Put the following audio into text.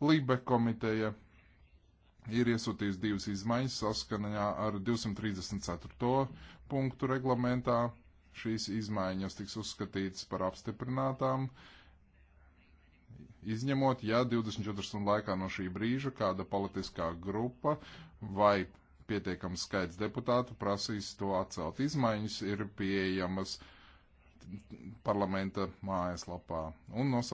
Lībe komiteja ir iesūtījis divas izmaiņas saskanaņā ar 234. punktu reglamentā. Šīs izmaiņas tiks uzskatītas par apstiprinātām, izņemot, ja 24 stundu laikā no šī brīža kāda politiskā grupa vai pietiekams skaits deputātu prasīs to atcelt. Izmaiņas ir pieejamas parlamenta mājaslapā un nos